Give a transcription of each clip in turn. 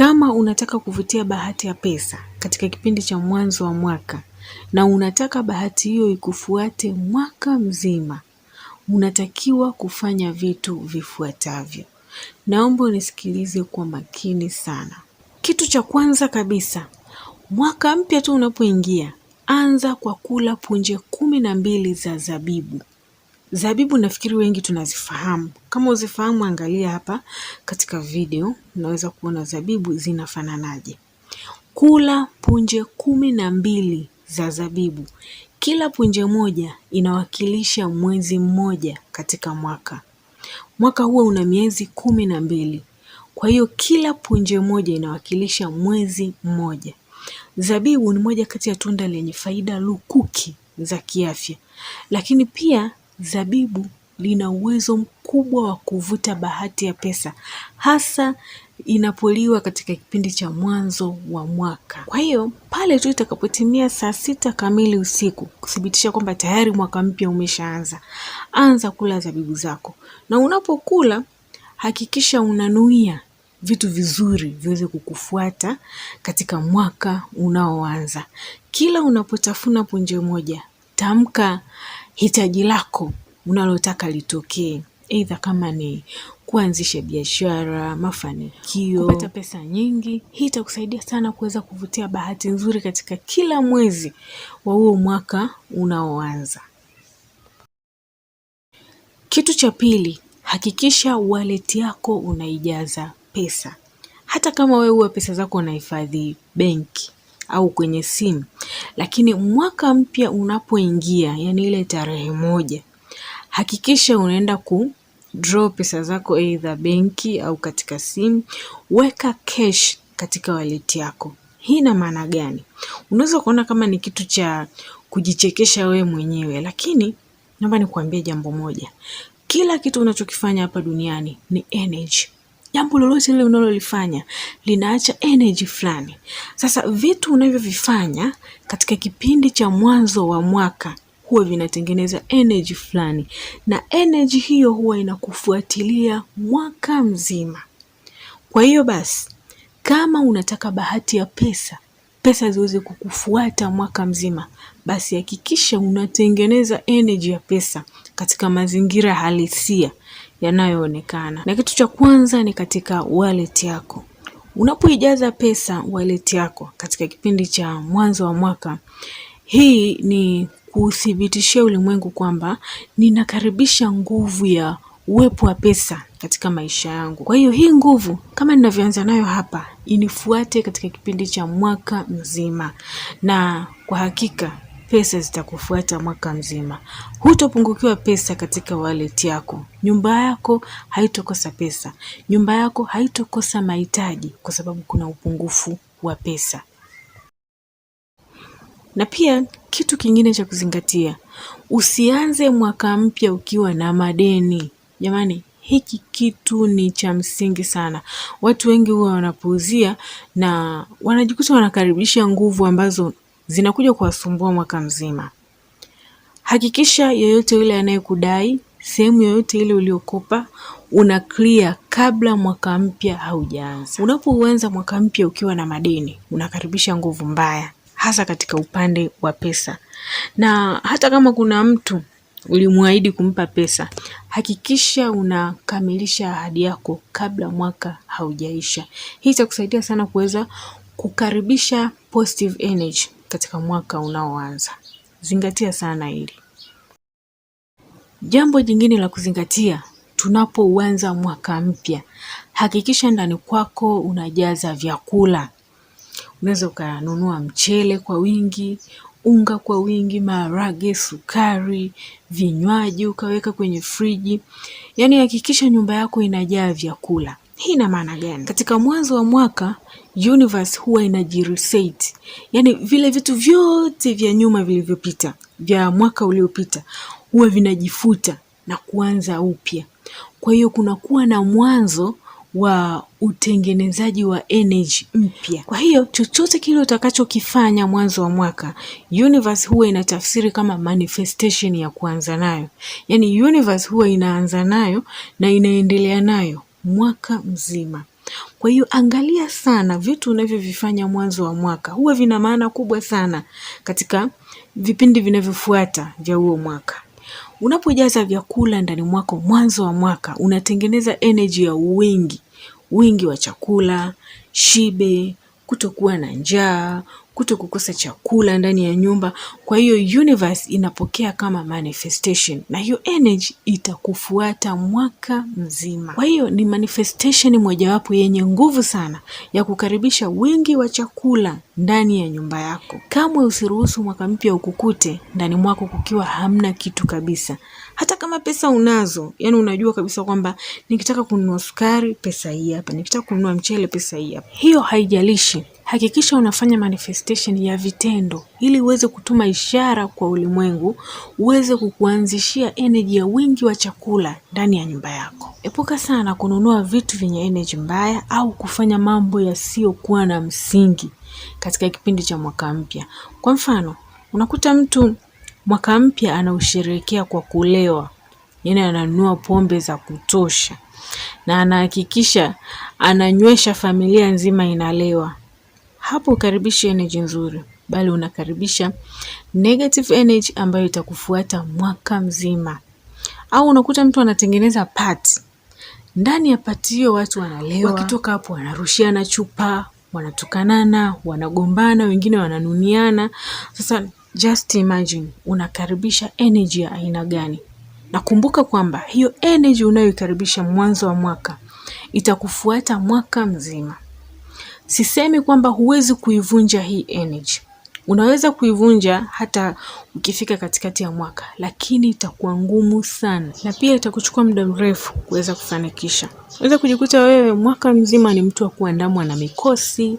Kama unataka kuvutia bahati ya pesa katika kipindi cha mwanzo wa mwaka na unataka bahati hiyo ikufuate mwaka mzima, unatakiwa kufanya vitu vifuatavyo. Naomba unisikilize kwa makini sana. Kitu cha kwanza kabisa, mwaka mpya tu unapoingia, anza kwa kula punje kumi na mbili za zabibu. Zabibu nafikiri wengi tunazifahamu, kama uzifahamu, angalia hapa katika video, unaweza kuona zabibu zinafananaje. Kula punje kumi na mbili za zabibu. Kila punje moja inawakilisha mwezi mmoja katika mwaka. Mwaka huo una miezi kumi na mbili, kwa hiyo kila punje moja inawakilisha mwezi mmoja. Zabibu ni moja kati ya tunda lenye faida lukuki za kiafya, lakini pia zabibu lina uwezo mkubwa wa kuvuta bahati ya pesa hasa inapoliwa katika kipindi cha mwanzo wa mwaka. Kwa hiyo pale tu itakapotimia saa sita kamili usiku kuthibitisha kwamba tayari mwaka mpya umeshaanza, anza kula zabibu zako, na unapokula hakikisha unanuia vitu vizuri viweze kukufuata katika mwaka unaoanza. Kila unapotafuna punje moja, tamka hitaji lako unalotaka litokee, aidha kama ni kuanzisha biashara, mafanikio, kupata pesa nyingi. Hii itakusaidia sana kuweza kuvutia bahati nzuri katika kila mwezi wa huo mwaka unaoanza. Kitu cha pili, hakikisha waleti yako unaijaza pesa. Hata kama wewe huwa pesa zako unahifadhi benki au kwenye simu, lakini mwaka mpya unapoingia, yani ile tarehe moja, Hakikisha unaenda ku draw pesa zako either benki au katika simu. Weka cash katika wallet yako. Hii ina maana gani? Unaweza kuona kama ni kitu cha kujichekesha wewe mwenyewe, lakini naomba nikuambie jambo moja. Kila kitu unachokifanya hapa duniani ni energy. Jambo lolote lile unalolifanya linaacha energy fulani. Sasa vitu unavyovifanya katika kipindi cha mwanzo wa mwaka huwa vinatengeneza energy fulani, na energy hiyo huwa inakufuatilia mwaka mzima. Kwa hiyo basi, kama unataka bahati ya pesa pesa ziweze kukufuata mwaka mzima, basi hakikisha unatengeneza energy ya pesa katika mazingira halisia yanayoonekana. Na kitu cha kwanza ni katika wallet yako. Unapoijaza pesa wallet yako katika kipindi cha mwanzo wa mwaka, hii ni kuthibitishia ulimwengu kwamba ninakaribisha nguvu ya uwepo wa pesa katika maisha yangu. Kwa hiyo hii nguvu kama ninavyoanza nayo hapa, inifuate katika kipindi cha mwaka mzima, na kwa hakika pesa zitakufuata mwaka mzima. Hutopungukiwa pesa katika wallet yako. Nyumba yako haitokosa pesa, nyumba yako haitokosa mahitaji, kwa sababu kuna upungufu wa pesa. Na pia kitu kingine cha kuzingatia, usianze mwaka mpya ukiwa na madeni. Jamani, hiki kitu ni cha msingi sana. Watu wengi huwa wanapuuzia na wanajikuta wanakaribisha nguvu ambazo zinakuja kuwasumbua mwaka mzima. Hakikisha yoyote yule anayekudai sehemu yoyote ile uliokopa una clear kabla mwaka mpya haujaanza. Unapouanza mwaka mpya ukiwa na madeni, unakaribisha nguvu mbaya hasa katika upande wa pesa. Na hata kama kuna mtu ulimwahidi kumpa pesa, hakikisha unakamilisha ahadi yako kabla mwaka haujaisha. Hii itakusaidia sana kuweza kukaribisha positive energy katika mwaka unaoanza. Zingatia sana hili. Jambo jingine la kuzingatia tunapoanza mwaka mpya, hakikisha ndani kwako unajaza vyakula Unaweza ukanunua mchele kwa wingi, unga kwa wingi, maharage, sukari, vinywaji ukaweka kwenye friji. Yaani hakikisha nyumba yako inajaa vyakula. Hii ina maana gani? Katika mwanzo wa mwaka universe huwa inajireset, yaani vile vitu vyote vya nyuma vilivyopita vya mwaka uliopita huwa vinajifuta na kuanza upya. Kwa hiyo kunakuwa na mwanzo wa utengenezaji wa energy mpya. Kwa hiyo chochote kile utakachokifanya mwanzo wa mwaka, universe huwa inatafsiri kama manifestation ya kuanza nayo, yaani universe huwa inaanza nayo na inaendelea nayo mwaka mzima. Kwa hiyo angalia sana vitu unavyovifanya mwanzo wa mwaka, huwa vina maana kubwa sana katika vipindi vinavyofuata vya huo mwaka. Unapojaza vyakula ndani mwako mwanzo wa mwaka unatengeneza energy ya wingi, wingi wa chakula, shibe, kutokuwa na njaa, kuto kukosa chakula ndani ya nyumba. Kwa hiyo universe inapokea kama manifestation, na hiyo energy itakufuata mwaka mzima. Kwa hiyo ni manifestation mojawapo yenye nguvu sana ya kukaribisha wingi wa chakula ndani ya nyumba yako. Kamwe usiruhusu mwaka mpya ukukute ndani mwako kukiwa hamna kitu kabisa, hata kama pesa unazo. Yani unajua kabisa kwamba nikitaka kununua sukari, pesa hii hapa, nikitaka kununua mchele, pesa hii hapa. Hiyo haijalishi. Hakikisha unafanya manifestation ya vitendo ili uweze kutuma ishara kwa ulimwengu, uweze kukuanzishia energy ya wingi wa chakula ndani ya nyumba yako. Epuka sana kununua vitu vyenye energy mbaya au kufanya mambo yasiyokuwa na msingi katika kipindi cha mwaka mpya. Kwa mfano, unakuta mtu mwaka mpya anausherehekea kwa kulewa, yani ananunua pombe za kutosha na anahakikisha ananywesha familia nzima inalewa hapo ukaribishi energy nzuri, bali unakaribisha negative energy ambayo itakufuata mwaka mzima. Au unakuta mtu anatengeneza party, ndani ya party hiyo watu wanalewa, wakitoka hapo wanarushiana chupa, wanatukanana, wanagombana, wengine wananuniana. Sasa just imagine unakaribisha energy ya aina gani? nakumbuka kwamba hiyo energy unayoikaribisha mwanzo wa mwaka itakufuata mwaka mzima. Sisemi kwamba huwezi kuivunja hii energy. Unaweza kuivunja hata ukifika katikati ya mwaka, lakini itakuwa ngumu sana, na pia itakuchukua muda mrefu kuweza kufanikisha. Unaweza kujikuta wewe mwaka mzima ni mtu wa kuandamwa na mikosi,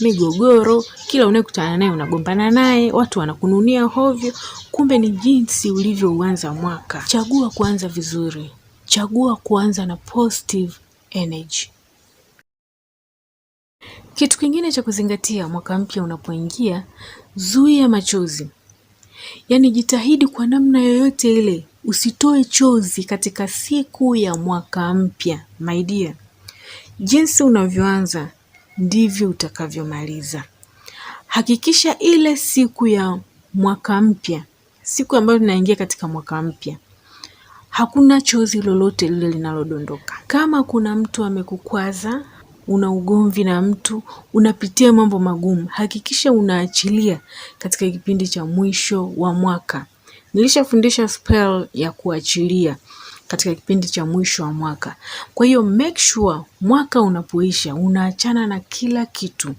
migogoro, kila unayekutana naye unagombana naye, watu wanakununia hovyo, kumbe ni jinsi ulivyoanza mwaka. Chagua kuanza vizuri, chagua kuanza na positive energy. Kitu kingine cha kuzingatia mwaka mpya unapoingia, zuia machozi, yaani jitahidi kwa namna yoyote ile usitoe chozi katika siku ya mwaka mpya my dear. Jinsi unavyoanza ndivyo utakavyomaliza. Hakikisha ile siku ya mwaka mpya, siku ambayo tunaingia katika mwaka mpya, hakuna chozi lolote lile linalodondoka. Kama kuna mtu amekukwaza una ugomvi na mtu, unapitia mambo magumu, hakikisha unaachilia katika kipindi cha mwisho wa mwaka. Nilishafundisha spell ya kuachilia katika kipindi cha mwisho wa mwaka. Kwa hiyo make sure mwaka unapoisha unaachana na kila kitu,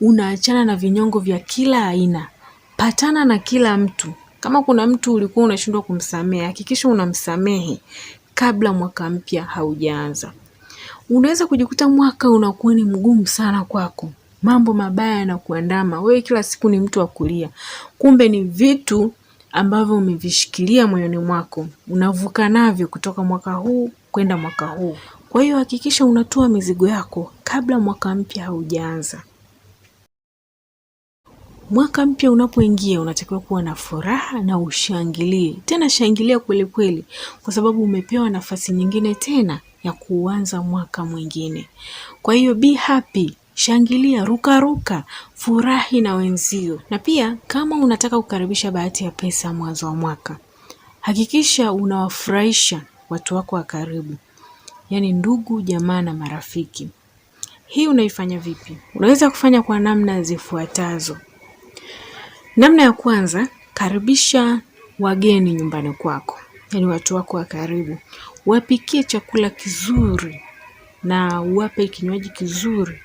unaachana na vinyongo vya kila aina, patana na kila mtu. Kama kuna mtu ulikuwa unashindwa kumsamehe, hakikisha unamsamehe kabla mwaka mpya haujaanza unaweza kujikuta mwaka unakuwa ni mgumu sana kwako, mambo mabaya yanakuandama wewe, kila siku ni mtu wa kulia, kumbe ni vitu ambavyo umevishikilia moyoni mwako, unavuka navyo kutoka mwaka huu kwenda mwaka huu. Kwa hiyo hakikisha unatoa mizigo yako kabla mwaka mpya haujaanza. Mwaka mpya unapoingia unatakiwa kuwa na furaha na ushangilie tena, shangilia kwelikweli, kwa sababu umepewa nafasi nyingine tena ya kuanza mwaka mwingine. Kwa hiyo be happy, shangilia, rukaruka, furahi na wenzio. Na pia kama unataka kukaribisha bahati ya pesa mwanzo wa mwaka, hakikisha unawafurahisha watu wako wa karibu, yaani ndugu, jamaa na marafiki. Hii unaifanya vipi? Unaweza kufanya kwa namna zifuatazo. Namna ya kwanza, karibisha wageni nyumbani kwako. Watoto ni watu wako wa karibu. Wapikie chakula kizuri na wape kinywaji kizuri.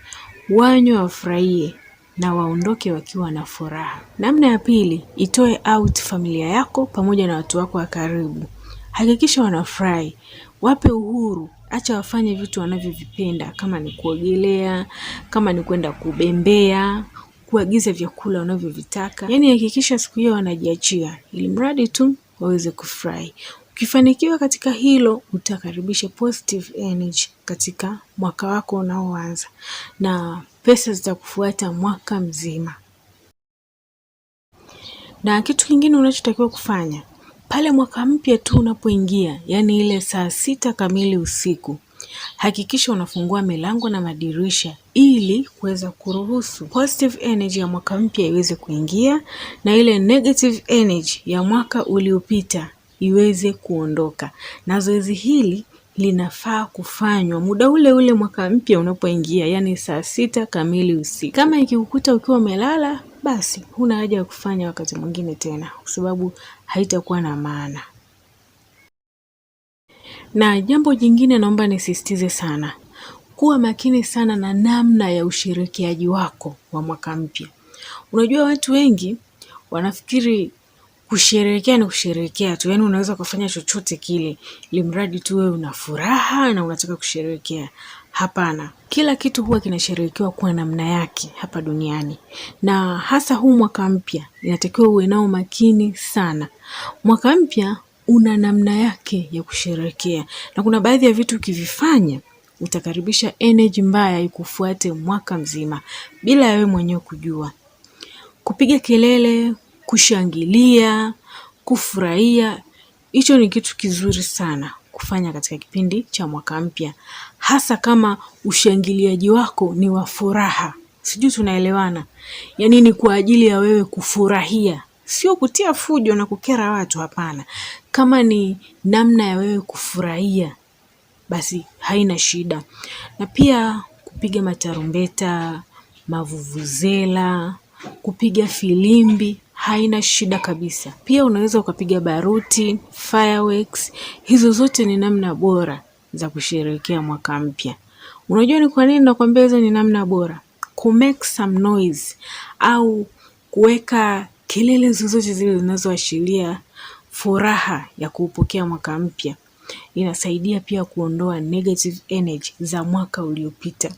Wanywe wafurahie na waondoke wakiwa na furaha. Namna ya pili, itoe out familia yako pamoja na watu wako wa karibu. Hakikisha wanafurahi. Wape uhuru, acha wafanye vitu wanavyovipenda kama ni kuogelea, kama ni kwenda kubembea, kuagiza vyakula wanavyovitaka. Yaani hakikisha siku hiyo wanajiachia. Ili mradi tu waweze kufurahi. Ukifanikiwa katika hilo utakaribisha positive energy katika mwaka wako unaoanza na pesa zitakufuata mwaka mzima. Na kitu kingine unachotakiwa kufanya pale mwaka mpya tu unapoingia, yaani ile saa sita kamili usiku, hakikisha unafungua milango na madirisha ili kuweza kuruhusu positive energy ya mwaka mpya iweze kuingia na ile negative energy ya mwaka uliopita iweze kuondoka. Na zoezi hili linafaa kufanywa muda ule ule mwaka mpya unapoingia, yaani saa sita kamili usiku. Kama ikikukuta ukiwa umelala, basi huna haja ya kufanya wakati mwingine tena, kwa sababu haitakuwa na maana. Na jambo jingine naomba nisisitize sana, kuwa makini sana na namna ya ushirikiaji wako wa mwaka mpya. Unajua watu wengi wanafikiri Kusherehekea ni kusherehekea tu, yaani unaweza ukafanya chochote kile, mradi tu wewe una furaha na unataka kusherehekea. Hapana, kila kitu huwa kinasherehekewa kwa namna yake hapa duniani, na hasa huu mwaka mpya inatakiwa uwe nao makini sana. Mwaka mpya una namna yake ya kusherehekea, na kuna baadhi ya vitu ukivifanya utakaribisha energy mbaya ikufuate mwaka mzima bila ya wewe mwenyewe kujua. Kupiga kelele, kushangilia, kufurahia. Hicho ni kitu kizuri sana kufanya katika kipindi cha mwaka mpya, hasa kama ushangiliaji wako ni wa furaha. Sijui tunaelewana? Yaani ni kwa ajili ya wewe kufurahia, sio kutia fujo na kukera watu. Hapana, kama ni namna ya wewe kufurahia, basi haina shida. Na pia kupiga matarumbeta, mavuvuzela, kupiga filimbi, haina shida kabisa. Pia unaweza ukapiga baruti, fireworks. Hizo zote ni namna bora za kusherehekea mwaka mpya. Unajua ni kwa nini nakwambia hizo ni namna bora? Ku make some noise au kuweka kelele zozote zile zinazoashiria furaha ya kuupokea mwaka mpya inasaidia pia kuondoa negative energy za mwaka uliopita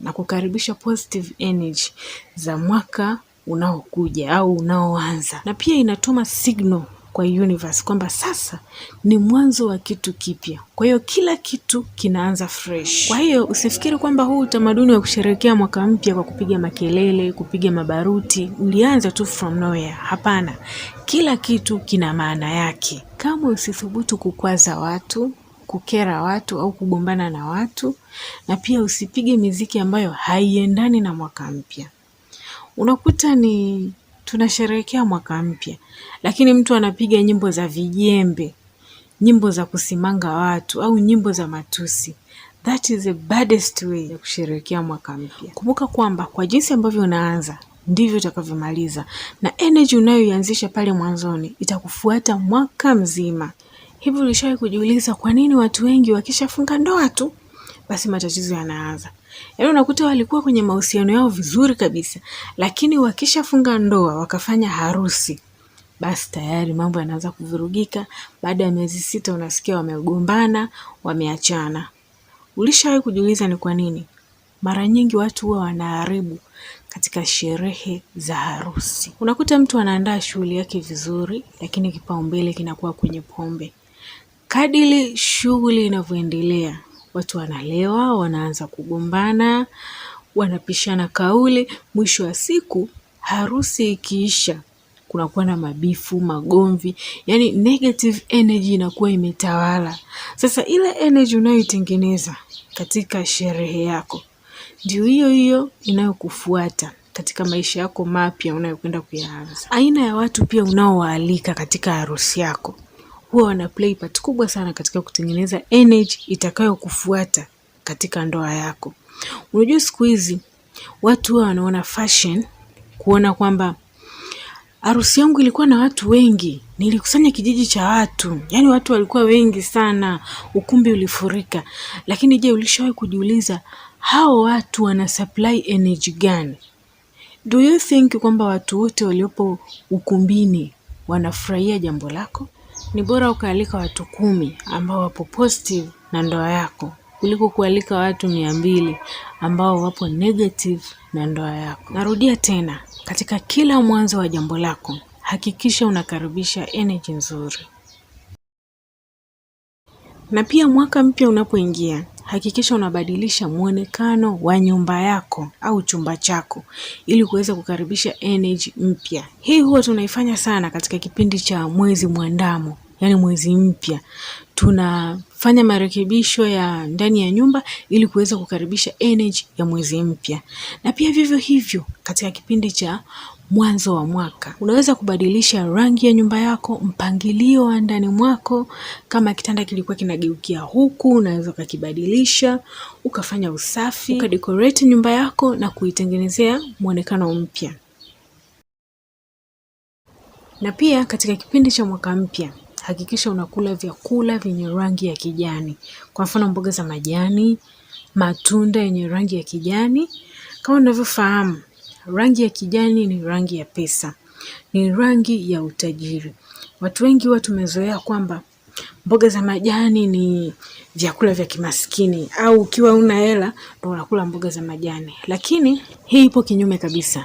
na kukaribisha positive energy za mwaka unaokuja au unaoanza, na pia inatuma signal kwa universe kwamba sasa ni mwanzo wa kitu kipya. Kwa hiyo kila kitu kinaanza fresh. Kwa hiyo usifikiri kwamba huu utamaduni wa kusherehekea mwaka mpya kwa kupiga makelele, kupiga mabaruti ulianza tu from nowhere. Hapana, kila kitu kina maana yake. Kamwe usithubutu kukwaza watu, kukera watu au kugombana na watu, na pia usipige miziki ambayo haiendani na mwaka mpya unakuta ni tunasherehekea mwaka mpya, lakini mtu anapiga nyimbo za vijembe, nyimbo za kusimanga watu au nyimbo za matusi. That is the baddest way ya kusherehekea mwaka mpya. Kumbuka kwamba kwa jinsi ambavyo unaanza ndivyo utakavyomaliza, na energy unayoianzisha pale mwanzoni itakufuata mwaka mzima. Hivi ulishawahi kujiuliza kwa nini watu wengi wakishafunga ndoa tu basi matatizo yanaanza? yaani unakuta walikuwa kwenye mahusiano yao vizuri kabisa lakini wakishafunga ndoa wakafanya harusi basi tayari mambo yanaanza kuvurugika baada ya miezi sita unasikia wamegombana wameachana ulishawahi kujiuliza ni kwa nini mara nyingi watu huwa wanaharibu katika sherehe za harusi unakuta mtu anaandaa shughuli yake vizuri lakini kipaumbele kinakuwa kwenye pombe kadili shughuli inavyoendelea watu wanalewa, wanaanza kugombana, wanapishana kauli. Mwisho wa siku harusi ikiisha, kunakuwa na mabifu, magomvi, yani negative energy inakuwa imetawala. Sasa ile energy unayoitengeneza katika sherehe yako ndio hiyo hiyo inayokufuata katika maisha yako mapya unayokwenda kuyaanza. Aina ya watu pia unaowaalika katika harusi yako huwa wana play part kubwa sana katika kutengeneza energy itakayokufuata katika ndoa yako. Unajua siku hizi watu huwa wanaona fashion kuona kwamba harusi yangu ilikuwa na watu wengi, nilikusanya kijiji cha watu, yaani watu walikuwa wengi sana, ukumbi ulifurika. Lakini je, ulishawahi kujiuliza hao watu wana supply energy gani? Do you think kwamba watu wote waliopo ukumbini wanafurahia jambo lako? Ni bora ukaalika watu kumi ambao wapo positive na ndoa yako kuliko kualika watu mia mbili ambao wapo negative na ndoa yako. Narudia tena, katika kila mwanzo wa jambo lako hakikisha unakaribisha energy nzuri. Na pia mwaka mpya unapoingia, hakikisha unabadilisha mwonekano wa nyumba yako au chumba chako ili kuweza kukaribisha energy mpya. Hii huwa tunaifanya sana katika kipindi cha mwezi mwandamo, yani mwezi mpya tunafanya marekebisho ya ndani ya nyumba ili kuweza kukaribisha energy ya mwezi mpya, na pia vivyo hivyo katika kipindi cha mwanzo wa mwaka. Unaweza kubadilisha rangi ya nyumba yako, mpangilio wa ndani mwako. Kama kitanda kilikuwa kinageukia huku, unaweza ukakibadilisha, ukafanya usafi, ukadekoreti nyumba yako na kuitengenezea mwonekano mpya. Na pia katika kipindi cha mwaka mpya hakikisha unakula vyakula vyenye rangi ya kijani, kwa mfano mboga za majani, matunda yenye rangi ya kijani. Kama unavyofahamu Rangi ya kijani ni rangi ya pesa, ni rangi ya utajiri. Watu wengi huwa tumezoea kwamba mboga za majani ni vyakula vya kimaskini au ukiwa una hela ndo unakula mboga za majani, lakini hii ipo kinyume kabisa.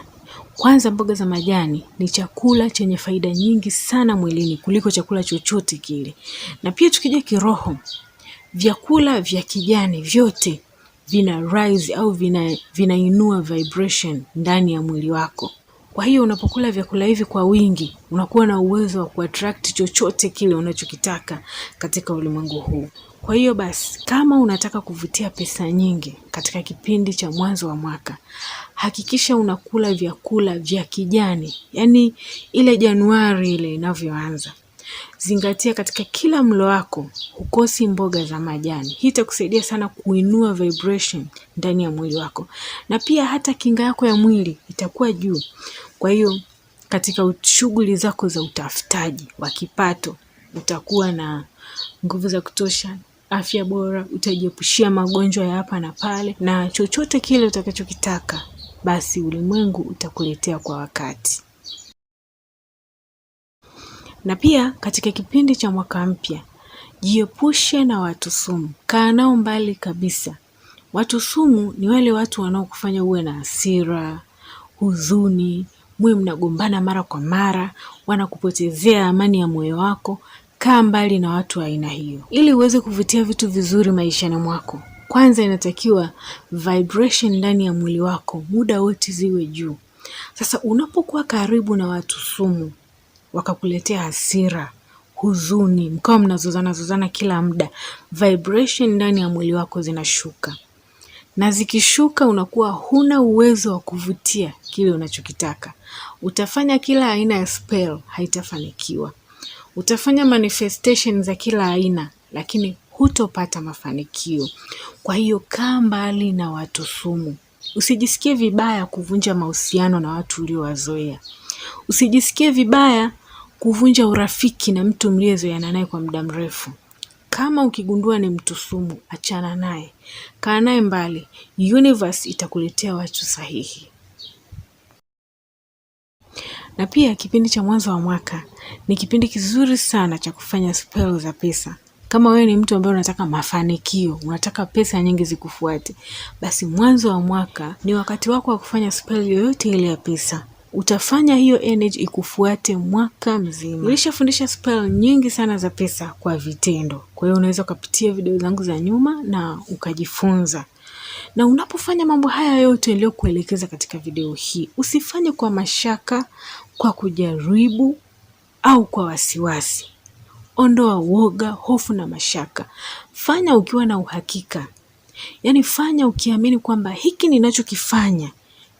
Kwanza, mboga za majani ni chakula chenye faida nyingi sana mwilini kuliko chakula chochote kile, na pia tukija kiroho, vyakula vya kijani vyote vina rise au vina vinainua vibration ndani ya mwili wako. Kwa hiyo unapokula vyakula hivi kwa wingi, unakuwa na uwezo wa kuattract chochote kile unachokitaka katika ulimwengu huu. Kwa hiyo basi, kama unataka kuvutia pesa nyingi katika kipindi cha mwanzo wa mwaka, hakikisha unakula vyakula vya kijani, yaani ile Januari ile inavyoanza zingatia katika kila mlo wako hukosi mboga za majani. Hii itakusaidia sana kuinua vibration ndani ya mwili wako, na pia hata kinga yako ya mwili itakuwa juu. Kwa hiyo katika shughuli zako za utafutaji wa kipato utakuwa na nguvu za kutosha, afya bora, utajiepushia magonjwa ya hapa na pale, na chochote kile utakachokitaka basi ulimwengu utakuletea kwa wakati. Na pia katika kipindi cha mwaka mpya, jiepushe na watu sumu, kaa nao mbali kabisa. Watu sumu ni wale watu wanaokufanya uwe na hasira, huzuni, mwe mnagombana mara kwa mara, wanakupotezea amani ya moyo wako. Kaa mbali na watu wa aina hiyo ili uweze kuvutia vitu vizuri maishani mwako. Kwanza inatakiwa vibration ndani ya mwili wako muda wote ziwe juu. Sasa unapokuwa karibu na watu sumu, wakakuletea hasira, huzuni, mkawa mnazozana zozana kila muda, vibration ndani ya mwili wako zinashuka, na zikishuka, unakuwa huna uwezo wa kuvutia kile unachokitaka. Utafanya kila aina ya spell, haitafanikiwa. Utafanya manifestation za kila aina, lakini hutopata mafanikio. Kwa hiyo kaa mbali na watu sumu. Usijisikie vibaya kuvunja mahusiano na watu uliowazoea. Usijisikie vibaya kuvunja urafiki na mtu mliyezoeana naye kwa muda mrefu. Kama ukigundua ni mtu sumu, achana naye, kaa naye mbali. Universe itakuletea watu sahihi. Na pia kipindi cha mwanzo wa mwaka ni kipindi kizuri sana cha kufanya spell za pesa. Kama wewe ni mtu ambaye unataka mafanikio, unataka pesa nyingi zikufuate, basi mwanzo wa mwaka ni wakati wako wa kufanya spell yoyote ile ya pesa utafanya hiyo energy ikufuate mwaka mzima. Nilishafundisha spell nyingi sana za pesa kwa vitendo, kwa hiyo unaweza ukapitia video zangu za nyuma na ukajifunza. Na unapofanya mambo haya yote niliyokuelekeza katika video hii, usifanye kwa mashaka, kwa kujaribu au kwa wasiwasi. Ondoa woga, hofu na mashaka. Fanya ukiwa na uhakika, yaani fanya ukiamini kwamba hiki ninachokifanya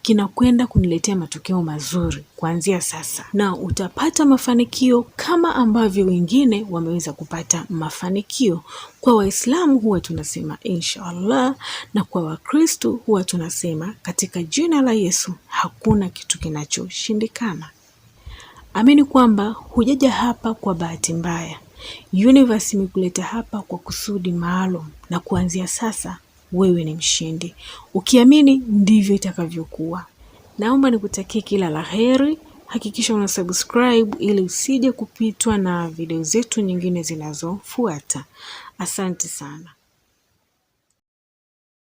kinakwenda kuniletea matokeo mazuri kuanzia sasa, na utapata mafanikio kama ambavyo wengine wameweza kupata mafanikio. Kwa Waislamu huwa tunasema insha Allah, na kwa wakristu huwa tunasema katika jina la Yesu, hakuna kitu kinachoshindikana. Amini kwamba hujaja hapa kwa bahati mbaya. Universe imekuleta hapa kwa kusudi maalum, na kuanzia sasa wewe ni mshindi. Ukiamini ndivyo itakavyokuwa. Naomba nikutakie kila la heri. Hakikisha una subscribe ili usije kupitwa na video zetu nyingine zinazofuata. Asante sana.